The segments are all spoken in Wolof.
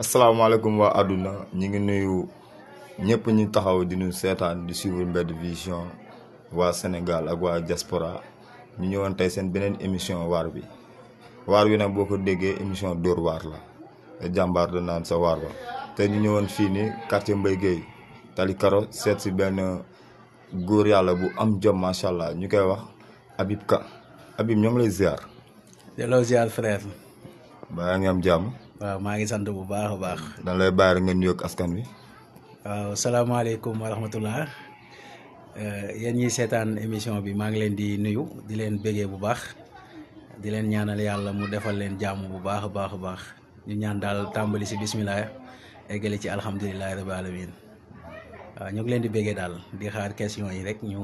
asalaamaaleykum waa àdduna ñi ngi nuyu ñëpp ñu taxaw di ñu seetaan di suivre Mbedd Vision waa Sénégal ak waa diaspora ñu ñëwoon tey seen beneen émission waar bi waar bi nag boo ko déggee émission dóor waar la te jàmbaar da naan sa waar ba te ñu ñëwoon fii ni quartier Mbaye Guèye tali seet si benn góor yàlla bu am jom macha allah ñu koy wax Habib Ka Habib ñoom ngi lay ziar. delloo ziar frère. baa ngi am jàmm. waaw maa ngi sant bu baax a baax. dan lay bàyyi ngeen nuyoog askan wi. waaw salaamaaleykum wa rahmatullah euh, yéen ñiy seetaan émission bi maa ngi leen di nuyu di leen bégee bu baax di leen ñaanal yàlla mu defal leen jàmm bu baax a baax a baax ñu ñaan daal tàmbali si bisimilah eggali ci alhamdulilah rabbi alamin waaw ñu ngi leen di bégee daal di xaar question yi rek ñu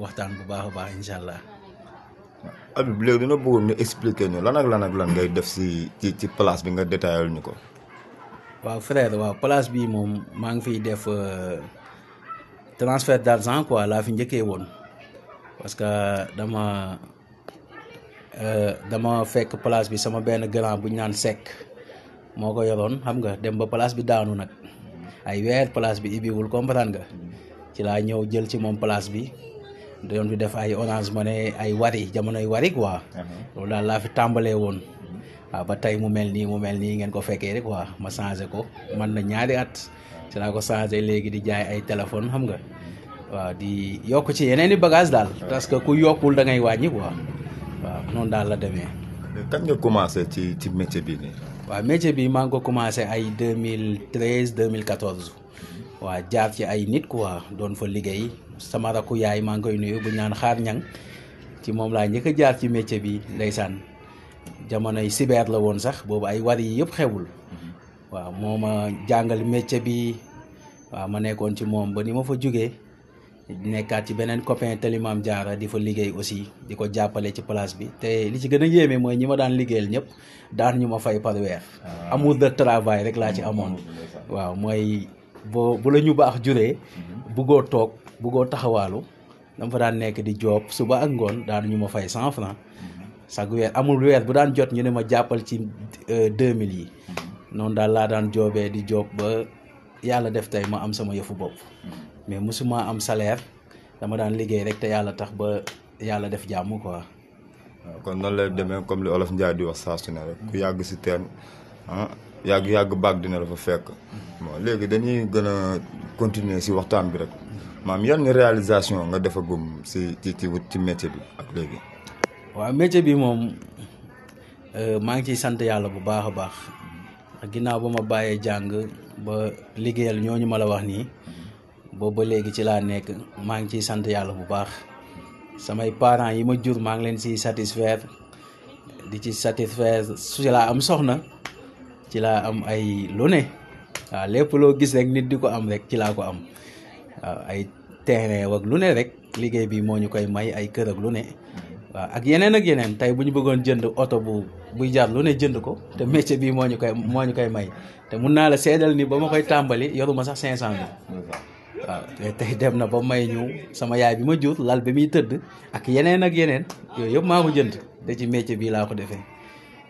waxtaan bu baax a baax incha allah. abi léegi dina bëggoon ñu expliquer ñu lan ak lan ak lan ngay def si ci ci place bi nga détaillé ñu ko waaw frère waaw place bi moom maa ngi fiy def euh, transfert d' argent quoi laa fi njëkkee woon parce que dama euh, dama fekk place bi sama benn grand bu ñu naan sec moo ko yoroon xam nga dem ba place bi daanu nag ay weer place bi ibiwul comprendre nga ci laa ñëw jël ci moom place bi doon fi def ay orange ne ay wari jamonoy wari quoi. Mhm. loolu daal laa fi tàmbalee woon. Mhm. waaw ba tey mu mel nii mu mel nii ngeen ko fekkee rek waa ma changé ko man na ñaari at. ci laa ko changé léegi di jaay ay téléphone xam nga. waaw di yokk ci yeneen i bagage daal. parce que ku yokkul da ngay wàññi quoi. waaw daal la demee. kan nga commencé ci ci métier bi nii. waaw métier bi maa ngi ko commencé ay 2013 2014. waa jaar ci ay nit quoi doon fa liggéey sama rakku yaay maa ngi koy nuyu bu ñaan xaar ñan ci moom laa njëkk a jaar ci métier bi ndeysaan jamonoy sibeer la woon sax boobu ay war yi yëpp xewul mm-hmm. waaw moo ma jàngal métier bi waaw ma nekkoon ci moom ba ni ma fa jógee nekkaat ci beneen copain talimaam jaara di fa liggéey aussi di ko jàppale ci place bi te li ci gën a yéeme mooy ñi ma daan liggéeyal ñëpp daan ñu ma fay par weer ah. amour de travail rek laa ci mm-hmm. amoon waaw bo bu bax juré mhm. bu go tok bu go taxawalu dama fa daan nek di job suba ak ngon daan ñuma fay 100 francs sa mhm. weer amul weer bu daan jot ñu ne ma jappal ci 2000 euh, yi mhm. non da la daan jobé di job ba yalla def tay ma am sama yëfu bop mais musuma am salaire dama daan liggéey rek te yalla tax ba yalla def jàmm quoi kon non lay demee comme li olof ndia di wax sa su rek ku mm-hmm. yag ci teen ah yag yag bag dina la fa fekk mm-hmm. bon léegi dañuy gën a continuer si waxtaan bi rek maam yan réalisation nga defagum si ci ci ci métier bi ak léegi. waaw métier bi moom euh, maa ngi ciy sant yàlla bu baax a baax a ginnaaw ba ma bàyyee jàng ba liggéeyal ñooñu ma la wax nii boobu ba léegi ci laa nekk maa ngi ciy sant yàlla bu baax samay parents yi ma jur maa ngi leen ciy satisfaire di ci satisfaire su laa am soxna ci laa am ay lu ne waaw lépp loo gis rek nit di ko am rek ci laa ko am waaw ay terrain ak lu ne rek liggéey bi moo ñu koy may ay kër ak lu ne waaw ak yeneen ak yeneen tey bu ñu bëggoon jënd oto bu buy jaar ne jënd ko te métier bi moo ñu koy moo ñu koy may te mun naa la seedal ni ba ma koy tàmbali yoruma sax cinq cent mille waaw tey dem na ba may ñëw sama yaay bi ma jur lal bi muy tëdd ak yeneen ak yeneen yooyu yëpp maa ko jënd te ci métier bi laa ko defee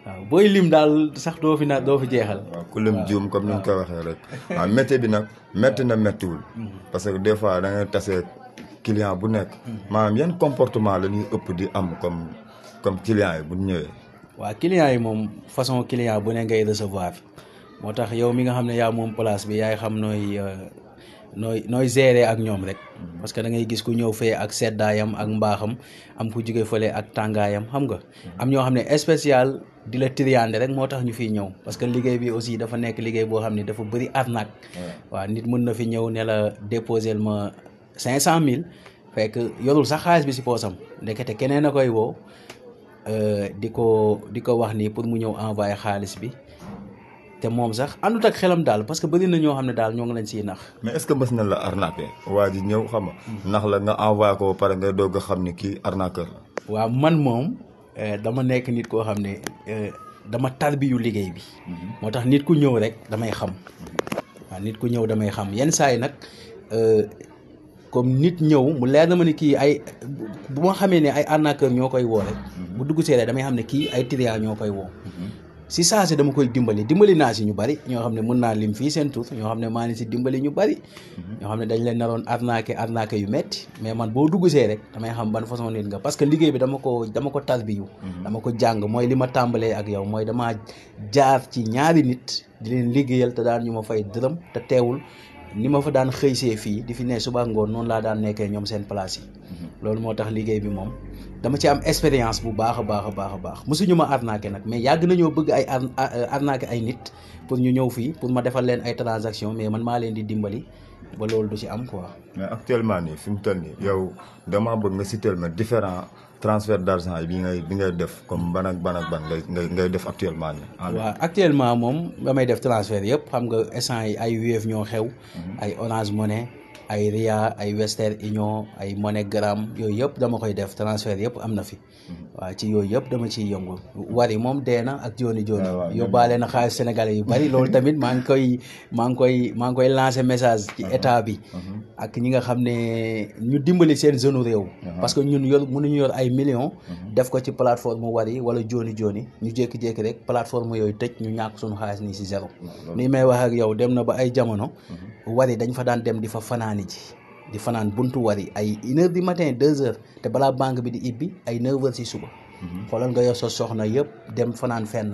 waaw booy lim daal sax doo fi na doo fi jeexal. waaw ku lim juum comme ni ñu koy waxee rek. waaw bi nag métti na méttiwul. Mhm. parce que des fois da ngay tase client bu nekk. Mhm. maanaam yan comportement la ñuy ëpp di am comme comme client yi bu ñëwee. waaw client yi moom façon client bu ne ngay recevoir moo tax yow mi nga xam ne yaa moom place bi yaay xam nooy. Euh, nooy nooy gérer ak ñoom rek parce que da ngay gis ku ñëw fee ak seddaayam ak mbaaxam am ku jóge fële ak tàngaayam xam nga am ñoo xam ne spécial di la triande rek moo tax ñu fi ñëw parce que liggéey bi aussi dafa nekk liggéey boo xam ne dafa bëri arnaque waaw nit mën na fi ñëw ne la déposer ma cinq cent mille fekk yorul sax xaalis bi si poosam ndekete keneen a koy woo euh, di ko di ko wax nii pour mu ñëw envoyé xaalis bi te moom sax àndut xelam daal parce que bëri na ñoo xam ne daal ñoo ngi lañ siy nax. mais est ce que mës na la arnaqué waa ji ñëw xam nga nax la nga envoyé ko pare nga doog a xam ni kii arnaqueur la. waaw man moom eh, dama nekk nit koo xam ne eh, dama tarbiyu liggéey bi. Mhm. moo tax nit ku ñëw rek damay xam. waaw nit ku ñëw damay xam yenn saa yi nag eh, comme nit ñëw mu leer na ma ni kii ay bu ma xamee ne ay arnaqueur ñoo koy woo rek. Mhm. bu dugg see rek damay xam ne kii ay tria ñoo koy woo. Mhm. si saa si dama koy dimbali dimbali naa si ñu bari ñoo xam ne mën naa lim fii seen tur ñoo xam ne maa ngi si dimbali ñu bari. Mhm. ñoo xam ne dañ leen naroon arnaqué arnaqué yu metti mais man boo dugg see rek damay xam ban façon nit nga parce que liggéey bi dama ko dama ko tarbiyu mhm. dama ko jàng mooy li ma tàmbalee ak yow mooy damaa jaar ci ñaari nit di leen liggéeyal te daan ñu ma fay dërëm te teewul ni ma fa daan xëy see fii di fi ne suba ngoon noonu laa daan nekkee ñoom seen place yi. Mhm. loolu moo tax liggéey bi moom dama ci am expérience bu baax a baax a baax a baax mosuñu ma arnaqué nag mais yàgg nañoo bëgg ay euh, arnaqué ay nit pour ñu ñëw fii pour ma defal leen ay transaction mais man maa leen di dimbali ba loolu du ci am quoi. mais actuellement nii fi mu toll nii yow dama bëgg nga citer ma différent transfert d' argent bi ngay bi ngay def comme ban ak ban ak ban ngay ngay def actuellement nii. Ah, waaw actuellement moom damay def transfert yëpp xam nga instant yi ay Wave ñoo xew. Mhm. ay Orange Money. ay Ria ay Western Union ay MoneyGram yooyu yëpp dama koy def transfert yëpp am na fi mhm. waaw ci yooyu yëpp dama ciy yëngu wari moom dee na ak jooni jooni ah, yóbbaale na xaalis sénégalais yu bari loolu tamit maa ngi koy maa ngi koy maa ngi koy lancer message ci mhm. état bi mhm. ak ñi nga xam ne ñu dimbali seen jeune réew ah, parce que ñun yor ñu yor ay million def ko ci plateforme wari wala jooni jooni ñu jékki-jékki rek plateforme yooyu tëj ñu ñàkk suñu xaalis nii si zéro ni may wax ak ay jamono fanaani ji di fanaan buntu yi ay une di du matin deux te balaa banque bi di ibbi ay neuf heures si suba. Mhm. xoolal nga yor sa soxna yëpp dem fanaan fenn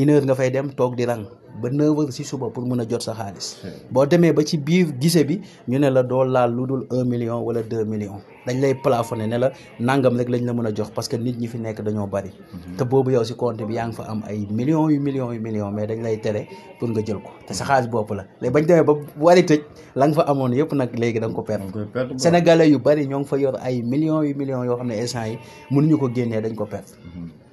une heure nga fay dem toog di rang ba 9 heures si suba pour mun a jot sa xaalis. boo demee ba ci biir gise bi ñu ne la doo laal lu dul 1 million wala deux million dañ lay plafonné ne la nangam rek lañ la mën a jox parce que nit ñi fi nekk dañoo bari. Mhm. te boobu yow si compte yaa ngi fa am ay millions yu millions yu millions mais dañ lay tere pour nga jël ko sa xaalis la léegi bañ demee ba wari tëj la fa amoon yëpp nag léegi da ko perte. sénégalais yu bari ñoo ngi fa yor ay millions yu million yoo xam ne instant yi mënuñu ko génnee dañ ko per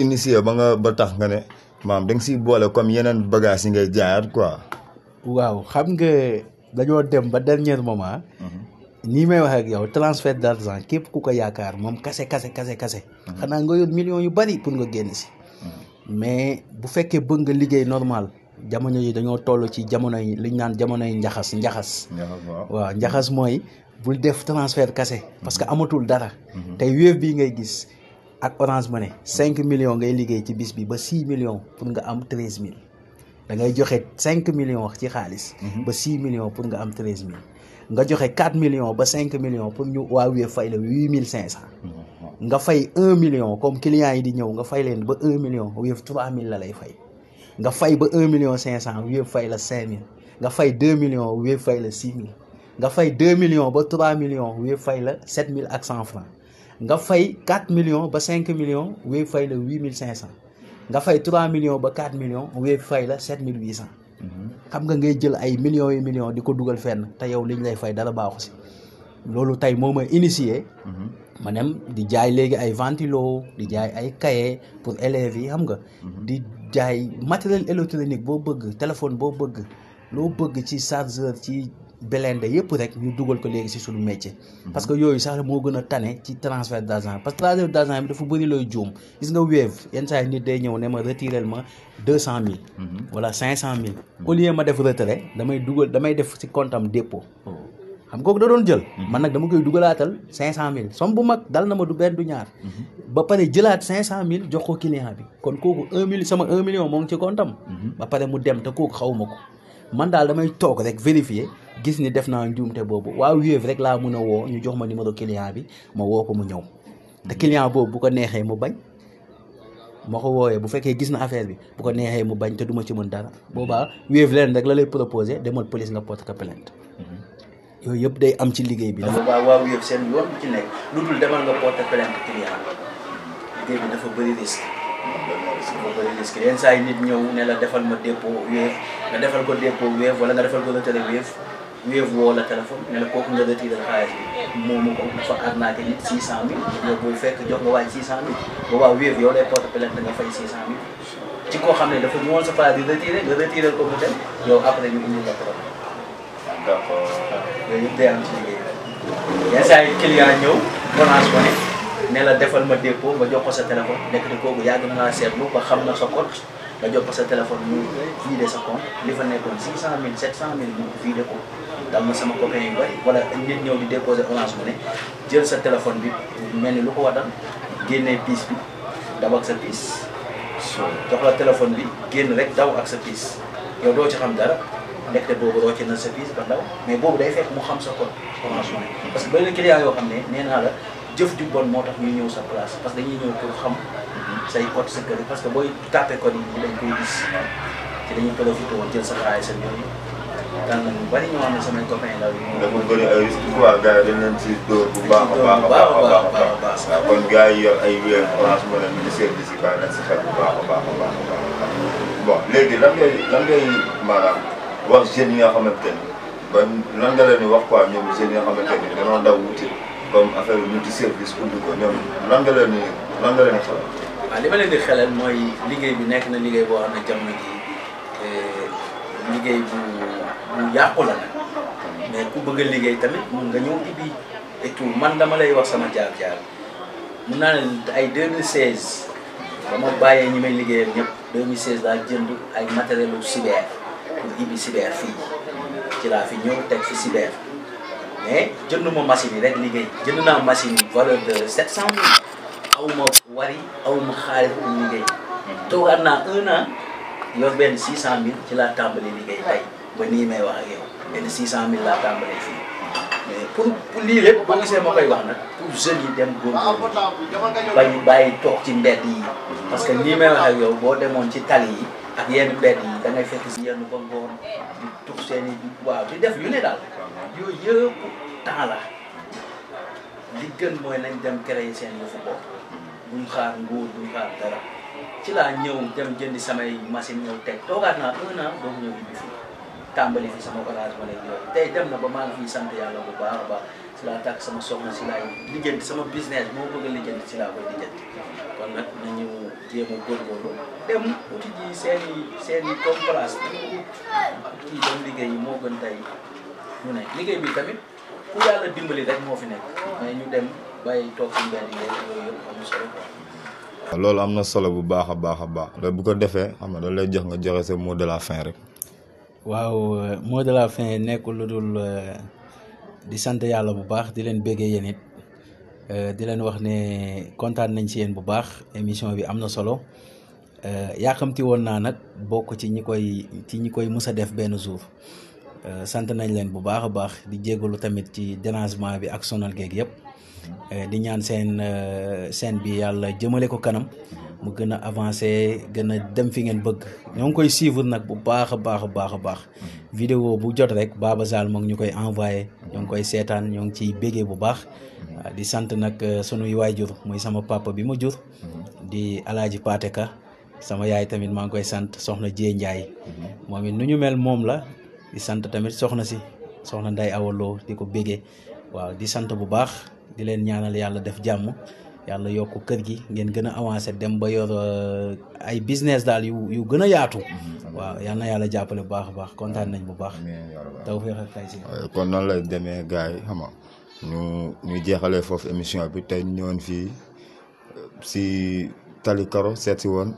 initié ba nga ba tax nga ne maam da nga siy boole comme yeneen bagages yi ngay jaayaat quoi. waaw xam nga dañoo dem ba dernier moment. Mhm. nii may wax ak yow transfert d' képp ku ko yaakaar moom kase kase kase kase. Mhm. xanaa nga yor millions yu bari pour nga génn si. Mhm. mais bu fekkee bëgg nga liggéey normal jamono yi dañoo toll ci jamono yi li naan jamono yi njaxas njaxas. waaw njaxas mooy bul def transfert kase. parce que amatul dara. tey wéef bii ngay gis. 5 millions, il y a 6 millions, il y a 13 000. Il y 5 millions, il y a 6 millions, il y a 13 000. Il y 4 millions, il 5 millions, il y a 8 500. Il y a 1 million, comme le client a dit, il y a 1 million, il y a 3 000. Il y a 1 500, il y a 5 000. Il y 2 millions, il y a 6 000. Il y 2 millions, il 3 millions, il y a 7 500 francs. nga fay 4 millions ba 5 millions Wave fay la 8500 nga fay 3 millions ba 4 millions Wave fay la 7800. Mhm. xam nga ngay jël ay millions millions di ko dugal fenn te yow liñ lay fay dara baaxu si loolu tey moom ma initié. Mhm. ma dem di jaay léegi ay ventilo di jaay ay cahier pour élèves yi xam nga. Mhm. di jaay matériel électronique boo bëgg téléphone boo bëgg loo bëgg ci chargeur ci. belende yëpp rek ñu dugal ko léegi si suñu métier. Mhm. parce que yooyu sax moo gën a tane ci transfert d' argent parce que transfert d' argent bi dafa bëri looy juum gis nga Wave yenn saa yi nit day ñëw ne ma retirel ma deux cent mille. Mhm. wala cinq cent mille. Mhm. au lieu ma def retrait damay dugal damay def si compte am dépôt. Oh. xam kooku da doon jël. man nag dama koy dugalaatal cinq cent mille somme bu mag dal na ma du benn du ñaar. ba pare jëlaat cinq cent mille jox ko client bi kon kooku un million sama un million moo ngi ci compte am. ba pare mu dem te kooku xaw ko. man daal damay toog rek vérifier gis ni def naa njuumte boobu waaw Wave rek laa mën a woo ñu jox ma numéro client bi ma woo ko mu ñëw te client boobu bu ko neexee mu bañ ma ko wooyee bu fekkee gis na affaire bi bu ko neexee mu bañ te duma ci mën dara boobaa Wave leen rek la lay proposer demal police nga porte ko plainte mhm. yooyu yëpp day am ci liggéey bi. waaw waaw Wave seen yoon ci nekk lu dul demal nga porte plainte client dafa bëri risque. moom loolu saa yi nit ñëw ne defal ma dépôt Wave nga defal ko dépôt Wave wala nga defal ko retrait Wave Wave woo la téléphone ne la kooku nga retiré xaalis bi moomu ko dafa arnaqué nit 600000 yow bu fekk jox nga waay 600000 boobaa Wave yow lay porte plainte nga fay 600000 ci koo xam ne dafa ñëwoon sa place di retiré nga retiré ko mu dem yow après ñu indi la problème. donc yooyu yëpp day am ci liggéey yenn saa yi client ñëw Orange Money ne la defal ma dépo nga jox ko sa téléphone nekk kooku yàgg seet seetlu ba xam na sa compte nga jox ko sa téléphone ñu de sa compte li fa nekkoon 600000 700000 ñu vidé ko. dal na sama copain yu bëri wala nit ñëw di déposé orange mu ne jël sa téléphone bi mel ni lu ko waral génnee piis bi daw ak jox la téléphone bi génn rek daw ak sa piis ci xam dara. ndekte boobu rocce na sa ba ndaw mais boobu day fekk mu xam sa code orange mu ne parce que bëri yoo xam ne nee naa la. jëf ju bon moo tax ñu ñëw sa place parce que dañuy ñëw pour xam say code sa kër parce que booy tàppe code yi dañ koy gis ci dañuy profité woon jël sa xaalis ak yooyu ñu bari ñoo xam ne samay copains la. dafa bëri ay risque quoi gars yi dañ leen si dóor bu baax a baax a baax ay wéer orange moo bi si baax na si xel bu baax léegi lan lan ngay maanaam wax yi nga xamante ni ba lan nga leen di wax quoi ñoom jeunes yi nga xamante ni dañoo daw wuti comme affaire multi service ubbi ko ñoom lan nga leen di lan nga leen li ma leen di xelal mooy liggéey bi nekk na liggéey boo xam ne jamono eh, bu yàqu la mais ku bëgg a liggéey tamit mun nga ñëw ubbi man dama lay wax sama jaar-jaar mun naa ne ay 2016 ba ma bàyyee ñi may liggéeyal ñëpp 2016 daal jënd ay matériel u cyber pour ubbi cyber fii ci laa fi ñëw teg fi cyber. mais jënd ma machine yi rek liggéey jënd naa machine yi valeur de sept cent mille aw ma wari aw ma xaalis pour liggéey toogaat naa un an yor benn six cent mille ci laa tàmbali liggéey tey ba nii may wax ak yow benn six cent mille laa tàmbalee fii mais pour lii lépp boo gisee ma koy wax na pour jeunes yi dem góorgóorlu bañ bàyyi toog ci mbedd yi parce que nii may wax ak boo demoon ci tali yi ak yenn mbedd yi da ngay fekk si yenn ba ngoon di tux seen i di def yooyu yëpp temps la li gën mooy nañ dem créer seen yëfu bopp xaar nguur buñ xaar dara ci laa ñëw dem jëndi samay machine ñëw teg toogaat naa un naa doomu ñëw bi fi tàmbali fi sama collage ma lay tey dem na ba maa ngi fiy sant yàlla bu baax a baax laa tàkk sama soxna si laay lijjanti sama business moo bëgg a lijjanti si laa koy lijjanti kon nag nañu jéem a góorgóorlu dem uti ji seen i seen i comme place kii doon liggéey yi moo gën tey liggéey bi tamit ku yàlla dimbali rek moo fi nekk mais ñu dem bàyyi toog ci loolu am na solo bu baax a baax a baax bu ko defee xam nga loolu lay jox nga joxe sa mot de la fin rek. waaw la fin euh, di sant yàlla bu baax di leen béggee yéen euh, di leen wax ne kontaan nañ ci yéen bu baax émission bi am na solo euh, yaakamti woon naa nag bokk ci ñi koy ci ñi koy mës a def benn jour. sant nañ leen bu baax a baax di jégalu tamit ci dérangement bi ak sonal geeg yëpp eh, di ñaan seen eh, seen bi yàlla jëmale ko kanam mu gën a avancé gën a dem fi ngeen bëgg ñoo ngi koy suivre nag bu baax a baax a baax a baax vidéo bu jot rek Baba Sall moom ñu koy envoyé ñoo ngi koy seetaan ñoo ngi ciy bégee bu baax ah, di sant nag eh, sunuy waajur muy sama papa bi ma jur di alaaji Paate Ka sama yaay tamit maa ngi koy sant soxna Jee Njaay mm-hmm. moom it nu ñu mel moom la di sant tamit soxna si soxna Nday awaloo di ko béggee waaw di sant bu baax di leen ñaanal yàlla def jàmm yàlla yokk kër gi ngeen gën a avancé dem ba yor euh, ay business daal yu yu gën a yaatu. Mm-hmm, waaw yal na yàlla jàppale bu baax a baax kontaan nañ bu baax. tawfeex ak tay si euh, kon noonu lay demee gars yi xam ñu ñu jeexalee foofu émission bi tey ñëwoon fii euh, si Tali Karo seet si woon.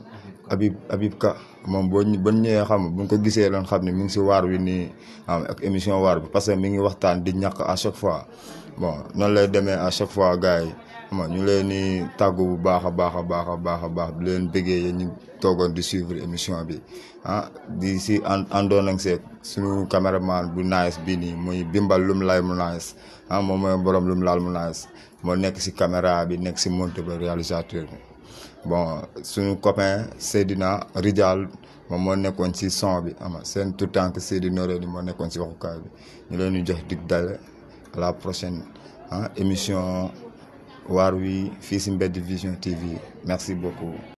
abib abib Ka mom boo ñu xam bu ko gisé lan xam ni mi ngi ci war wi nii ak émission war bi parce que mi ngi waxtaan di ñak à chaque fois bon non lay démé à chaque fois gaay xam ñu lay ni taggu bu baaxa a baaxa baaxa baax a a leen bëggé ya ñu togon di suivre émission bi ah di ci andon nak sé suñu caméraman bu nice bi ni moy bimbal lum lay mu nice ah mom moy borom lum laal mu nice mo nekk ci caméra bi nekk ci monteur réalisateur bon suñu copain Sedina ridial moom moo nekkoon ci son bi ama seen tout temps que Sedina Ridal moo nekkoon ci waxukaay bi ñu leen ñu jox dig dale à la prochaine hein, émission Warwi, wi fii ci TV merci beaucoup.